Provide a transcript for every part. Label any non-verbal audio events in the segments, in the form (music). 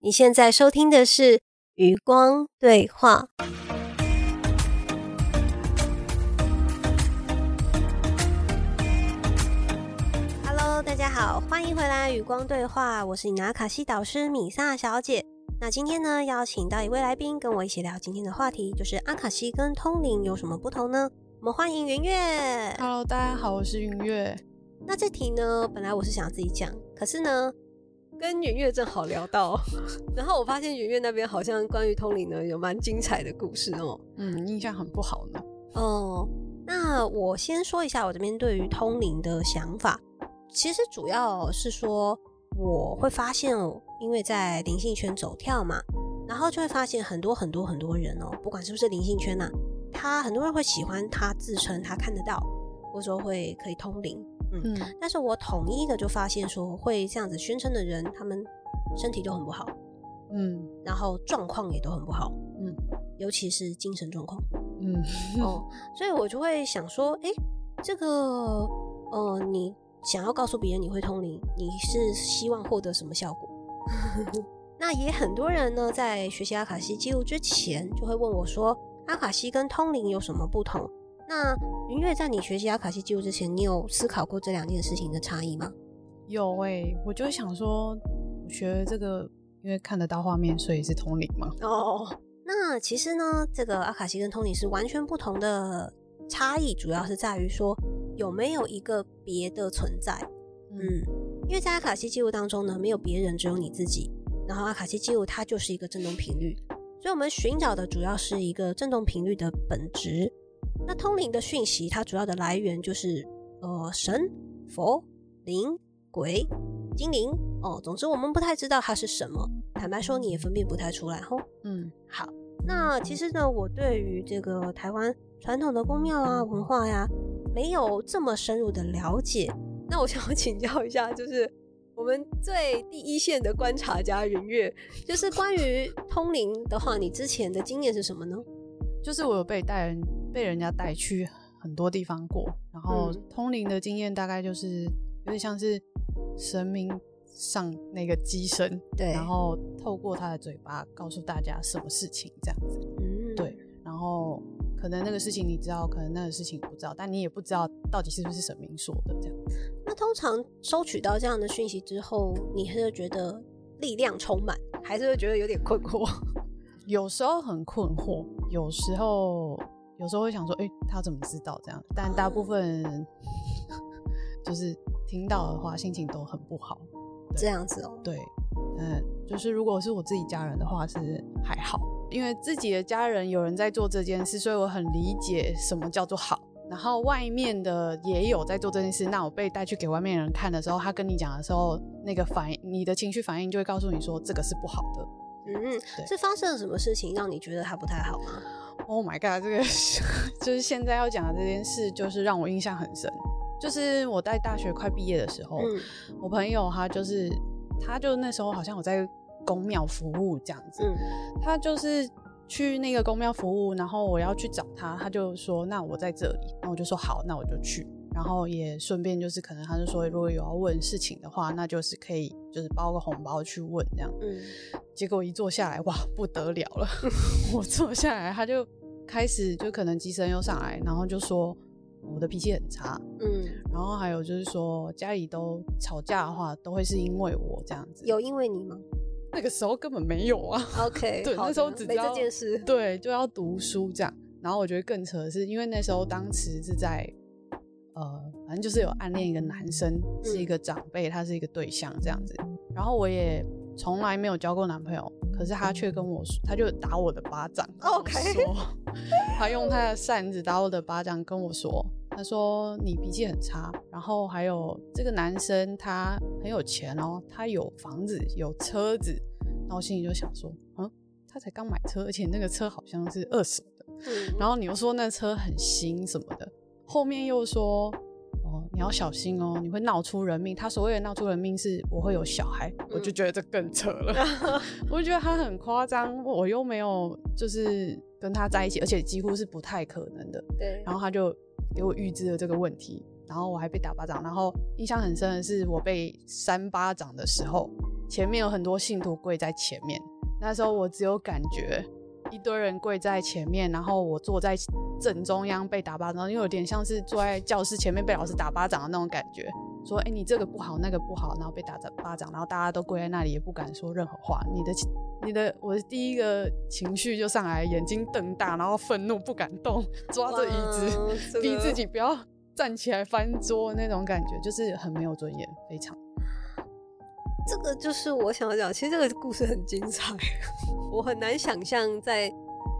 你現在收聽的是《與光對話》。Hello，大家好，歡迎回來《與光對話》，我是你的阿卡西導師米薩小姐。那今天呢，邀請到一位來賓跟我一起聊今天的話題，就是阿卡西跟通靈有什麼不同呢？我們歡迎云悅。Hello，大家好，我是云悅。那這題呢，本來我是想要自己講，可是呢。跟云悅正好聊到、喔， (laughs) 然後我發現云悅那邊好像關於通靈呢有蠻精彩的故事哦。嗯，印象很不好呢。哦、嗯，那我先說一下我這邊對於通靈的想法，其實主要是說我會發現哦、喔，因為在靈性圈走跳嘛，然後就會發現很多很多很多人哦、喔，不管是不是靈性圈吶、啊，他很多人會喜歡他自稱他看得到，或者說會可以通靈。嗯，但是我統一的就發現說，會這樣子宣稱的人，他們身體都很不好，嗯，然後狀況也都很不好，嗯，尤其是精神狀況，嗯，哦，所以我就會想說，誒，這個，呃，你想要告訴別人你會通靈，你是希望獲得什麼效果？ (laughs) 那也很多人呢，在學習阿卡西記錄之前，就會問我說，阿卡西跟通靈有什麼不同？那。云悅，因為在你學習阿卡西記錄之前，你有思考過這兩件事情的差異嗎？有誒、欸，我就想說，學了這個，因為看得到畫面，所以是通靈嘛。哦，那其實呢，這個阿卡西跟通靈是完全不同的差異，主要是在於說有沒有一個別的存在。嗯，因為在阿卡西記錄當中呢，沒有別人，只有你自己。然後阿卡西記錄它就是一個振動頻率，所以我們尋找的，主要是一個振動頻率的本質。那通靈的訊息，它主要的來源就是，呃，神、佛、靈、鬼、精靈哦。總之，我們不太知道它是什麼。坦白說，你也分辨不太出來齁。嗯，好。那其實呢，我對於這個台灣傳統的宮廟啊、文化呀、啊，沒有這麼深入的了解。那我想要請教一下，就是我們最第一線的觀察家云悅，就是關於通靈的話，你之前的經驗是什麼呢？就是我有被帶人，被人家帶去很多地方過，然後通靈的經驗大概就是有點像是神明上那個乩身，對，然後透過他的嘴巴告訴大家什麼事情這樣子，嗯，對，然後可能那個事情你知道，可能那個事情不知道，但你也不知道到底是不是神明說的這樣。那通常收取到這樣的訊息之後，你是覺得力量充滿，還是會覺得有點困惑？ (laughs) 有時候很困惑，有時候。有時候會想說，哎，他怎麼知道這樣？但大部分人就是聽到的話，心情都很不好。這樣子哦，對，嗯，就是如果是我自己家人的話，是還好，因為自己的家人有人在做這件事，所以我很理解什麼叫做好。然後外面的也有在做這件事，那我被帶去給外面人看的時候，他跟你講的時候，那個反應，你的情緒反應就會告訴你說這個是不好的。嗯，嗯，對，是發生了什麼事情讓你覺得它不太好嗎？Oh my god！這個 (laughs) 就是現在要講的這件事，就是讓我印象很深。就是我在大學快畢業的時候，嗯、我朋友他就是，他就那時候好像我在宮廟服務這樣子，嗯、他就是去那個宮廟服務，然後我要去找他，他就說：“那我在這裡。”那我就說：“好，那我就去。”然後也順便就是可能他就說，如果有要問事情的話，那就是可以就是包個紅包去問這樣。嗯、結果一坐下來，哇，不得了了！ (laughs) 我坐下來他就。開始就可能乩身又上來，然後就說我的脾氣很差，嗯，然後還有就是說家裡都吵架的話，都會是因為我這樣子。有因為你嗎？那個時候根本沒有啊。OK。 (laughs) 對，的那時候只知道這件事。對，就要讀書這樣。然後我覺得更扯的是，因為那時候當時是在，呃，反正就是有暗戀一個男生，嗯、是一個長輩，他是一個對象這樣子。然後我也。從來沒有交過男朋友，可是他卻跟我說，他就打我的巴掌。OK，他用他的扇子打我的巴掌，跟我說，他說你脾氣很差。然後還有這個男生，他很有錢哦，他有房子，有車子。然後心裡就想說，嗯，他才剛買車，而且那個車好像是二手的。然後你又說那車很新什麼的，後面又說。你要小心哦、喔，你會鬧出人命。他所謂的鬧出人命，是我會有小孩，我就覺得這更扯了。嗯、 (laughs) 我就覺得他很誇張，我又沒有就是跟他在一起，而且幾乎是不太可能的。對。然後他就給我預知了這個問題，然後我還被打巴掌，然後印象很深的是我被扇巴掌的時候，前面有很多信徒跪在前面，那時候我只有感覺。一堆人跪在前面，然後我坐在正中央被打巴掌，又有點像是坐在教室前面被老師打巴掌的那種感覺。說：“哎、欸，你這個不好，那個不好。”然後被打着巴掌，然後大家都跪在那裡也不敢說任何話。你的、你的、我的第一個情緒就上來，眼睛瞪大，然後憤怒，不敢動，抓着椅子逼自己不要站起來翻桌那種感覺，就是很沒有尊嚴，非常。這個就是我想要講，其實這個故事很精彩。我很難想象在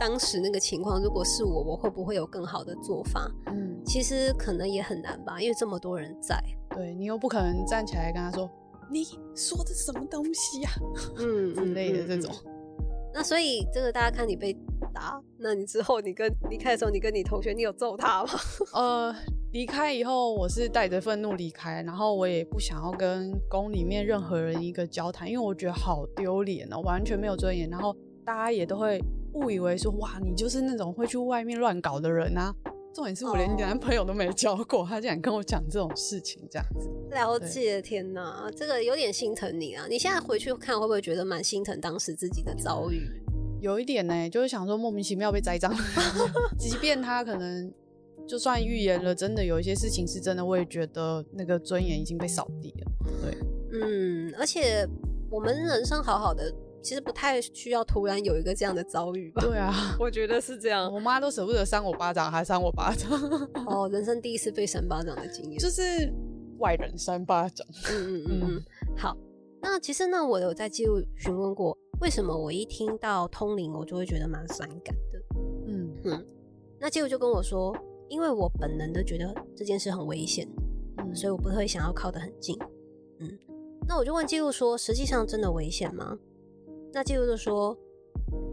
當時那個情況，如果是我，我會不會有更好的做法？嗯，其實可能也很難吧，因為這麼多人在，對你又不可能站起來跟他說：“你說的什麼東西呀，啊？”嗯，之類的這種、嗯嗯。那所以這個大家看你被打，那你之後你跟離開的時候，你跟你同學，你有揍他嗎？呃。離開以後，我是帶着憤怒離開，然後我也不想要跟宮裡面任何人一個交談，因為我覺得好丟臉喔，完全沒有尊嚴。然後大家也都會誤以為說，哇，你就是那種會去外面亂搞的人啊。重點是我連男朋友都沒交過，oh. 他竟然跟我講這種事情，這樣子。了解，對天哪，這個有點心疼你啊！你現在回去看，會不會覺得蠻心疼當時自己的遭遇？有一點呢、欸，就是想說莫名其妙被栽贓了， (laughs) 即便他可能。就算預言了，真的有一些事情是真的，我也會覺得那個尊嚴已經被掃地了。對，嗯，而且我們人生好好的，其實不太需要突然有一個這樣的遭遇吧？對啊，我覺得是這樣。我媽都捨不得扇我巴掌，還扇我巴掌。哦，人生第一次被扇巴掌的經驗，就是外人扇巴掌。嗯嗯嗯，嗯。嗯好。那其實呢，我有在記錄詢問過，為什麼我一聽到通靈，我就會覺得蠻傷感的。嗯哼、嗯，那記錄就跟我說。因為我本能的覺得這件事很危險，所以我不會想要靠得很近，嗯。那我就問記錄說：“實際上真的危險嗎？”那記錄就說：“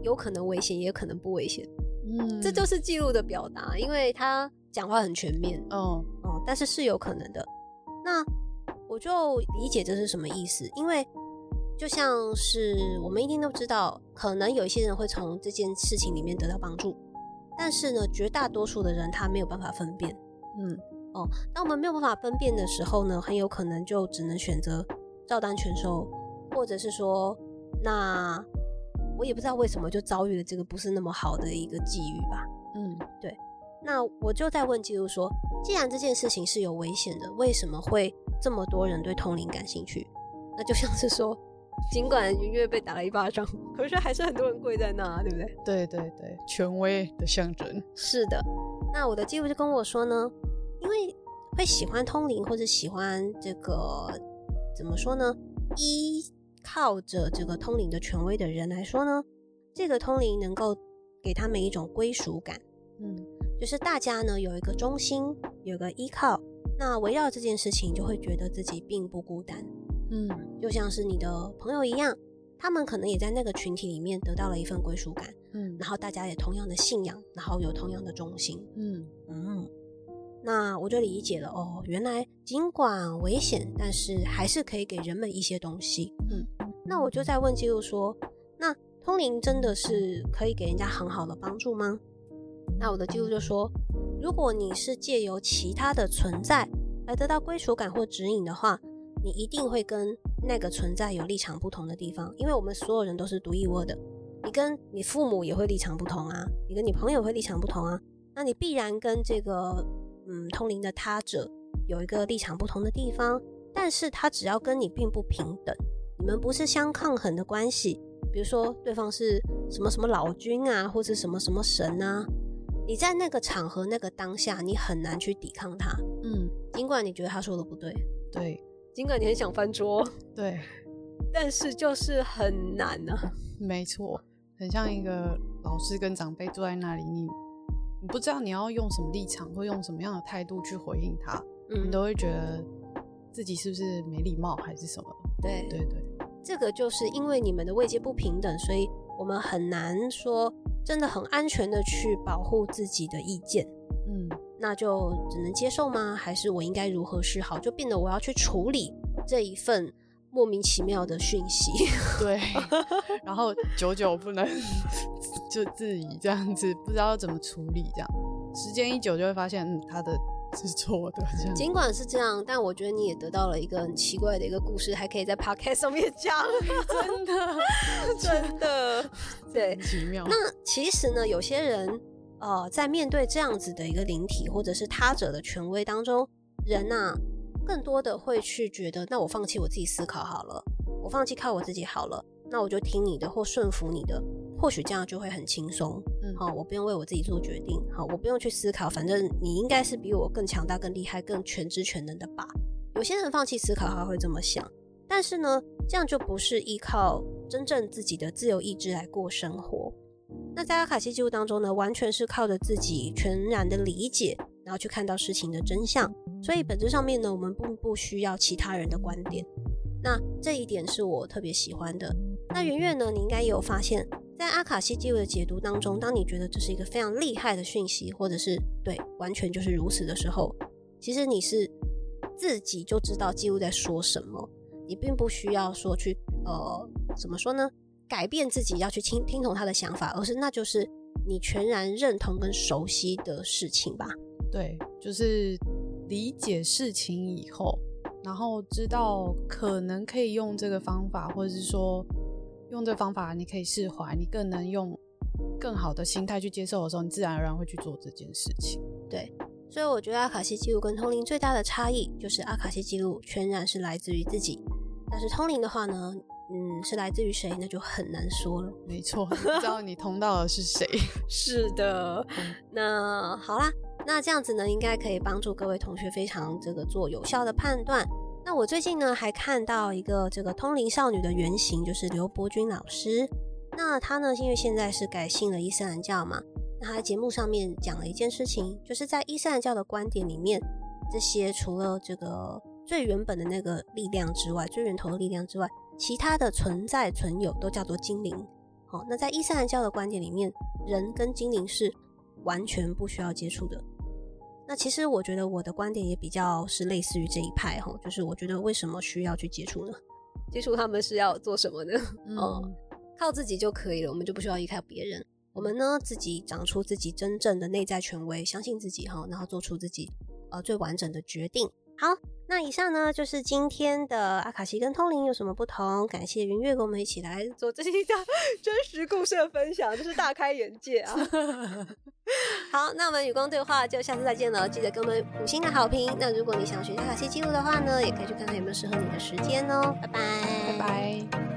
有可能危險，也可能不危險。”嗯，這就是記錄的表達，因為他講話很全面。哦哦，嗯，但是是有可能的。那我就理解這是什麼意思，因為就像是我們一定都知道，可能有一些人會從這件事情裡面得到幫助。但是呢，絕大多數的人他沒有辦法分辨，嗯，哦，當我們沒有辦法分辨的時候呢，很有可能就只能選擇照單全收，或者是說，那我也不知道為什麼就遭遇了這個不是那麼好的一個際遇吧，嗯，對，那我就再問記錄說，既然這件事情是有危險的，為什麼會這麼多人對通靈感興趣？那就像是說。儘管雲悅被打了一巴掌，可是還是很多人跪在那啊，對不對？對對對，權威的象徵。是的，那我的繼父就跟我說呢，因為會喜歡通靈或者喜歡這個怎麼說呢？依靠着這個通靈的權威的人來說呢，這個通靈能夠給他們一種歸屬感。嗯，就是大家呢有一個中心，有個依靠，那圍繞這件事情就會覺得自己並不孤單。嗯，就像是你的朋友一樣，他們可能也在那個群體裡面得到了一份歸屬感。嗯，然後大家也同樣的信仰，然後有同樣的中心。嗯嗯，那我就理解了哦，原來儘管危險，但是還是可以給人們一些東西。嗯，那我就在問記錄說，那通靈真的是可以給人家很好的幫助嗎？那我的記錄就說，如果你是借由其他的存在來得到歸屬感或指引的話。你一定會跟那個存在有立場不同的地方，因為我們所有人都是獨一無二的。你跟你父母也會立場不同啊，你跟你朋友會立場不同啊。那你必然跟這個嗯通靈的他者有一個立場不同的地方，但是他只要跟你並不平等，你們不是相抗衡的關係。比如說對方是什麼什麼老君啊，或者是什麼什麼神啊，你在那個場合、那個當下，你很難去抵抗他。嗯，儘管你覺得他說的不對，對。儘管你很想翻桌，對，但是就是很難呢、啊嗯。沒錯，很像一個老師跟長輩坐在那裡你，你不知道你要用什麼立場或用什麼樣的態度去回應他，嗯、你都會覺得自己是不是沒禮貌還是什麼？對，對對對，這個就是因為你們的位階不平等，所以我們很難說真的很安全的去保護自己的意見。那就只能接受嗎？還是我應該如何是好？就變得我要去處理這一份莫名其妙的訊息，對， (laughs) 然後久久不能 (laughs) 就質疑這樣子，不知道怎麼處理這樣。時間一久就會發現，嗯，他的是錯的。嗯，這樣，儘管是這樣，但我覺得你也得到了一個很奇怪的一個故事，還可以在 Podcast 上面講， (laughs) (laughs) 真的，真的， (laughs) 真的，對，奇妙。那其實呢，有些人。呃、哦，在面對這樣子的一個靈體或者是他者的權威當中，人呢、啊，更多的會去覺得，那我放棄我自己思考好了，我放棄靠我自己好了，那我就聽你的或順服你的，或許這樣就會很輕鬆，好、嗯哦，我不用為我自己做決定，好、哦，我不用去思考，反正你應該是比我更強大、更厲害、更全知全能的吧？有些人放棄思考他會這麼想，但是呢，這樣就不是依靠真正自己的自由意志來過生活。那在阿卡西記錄當中呢，完全是靠着自己全然的理解，然後去看到事情的真相。所以本質上面呢，我們並不，不需要其他人的觀點。那這一點是我特別喜歡的。那云悅呢，你應該也有發現，在阿卡西記錄的解讀當中，當你覺得這是一個非常厲害的訊息，或者是對，完全就是如此的時候，其實你是自己就知道記錄在說什麼，你並不需要說去呃，怎麼說呢？改變自己要去聽聽從他的想法，而是那就是你全然認同跟熟悉的事情吧。對，就是理解事情以後，然後知道可能可以用這個方法，或者是說用這個方法你可以釋懷，你更能用更好的心態去接受的時候，你自然而然會去做這件事情。對，所以我覺得阿卡西記錄跟通靈最大的差異就是阿卡西記錄全然是來自於自己，但是通靈的話呢？嗯，是來自於誰？那就很難說了。沒錯，不知道你通道的是誰。 (laughs) 是的，那好啦，那這樣子呢，應該可以幫助各位同學非常這個做有效的判斷。那我最近呢還看到一個這個通靈少女的原型，就是劉柏君老師。那他呢，因為現在是改信了伊斯蘭教嘛，那他在節目上面講了一件事情，就是在伊斯蘭教的觀點裡面，這些除了這個最原本的那個力量之外，最源頭的力量之外，其他的存在存有都叫做精靈，好，那在伊斯蘭教的觀點裡面，人跟精靈是完全不需要接觸的。那其實我覺得我的觀點也比較是類似於這一派哈，就是我覺得為什麼需要去接觸呢？接觸他們是要做什麼呢？哦，嗯，靠自己就可以了，我們就不需要依靠別人。我們呢，自己長出自己真正的內在權威，相信自己哈，然後做出自己呃最完整的決定。好，那以上呢就是今天的阿卡西跟通靈有什麼不同？感謝云悅跟我們一起來做這一段真實故事的分享，真是大開眼界啊！ (laughs) 好，那我們與光對話就下次再見了，記得給我們五星的好評。那如果你想學阿卡西記錄的話呢，也可以去看看有沒有適合你的時間哦。拜拜，拜拜。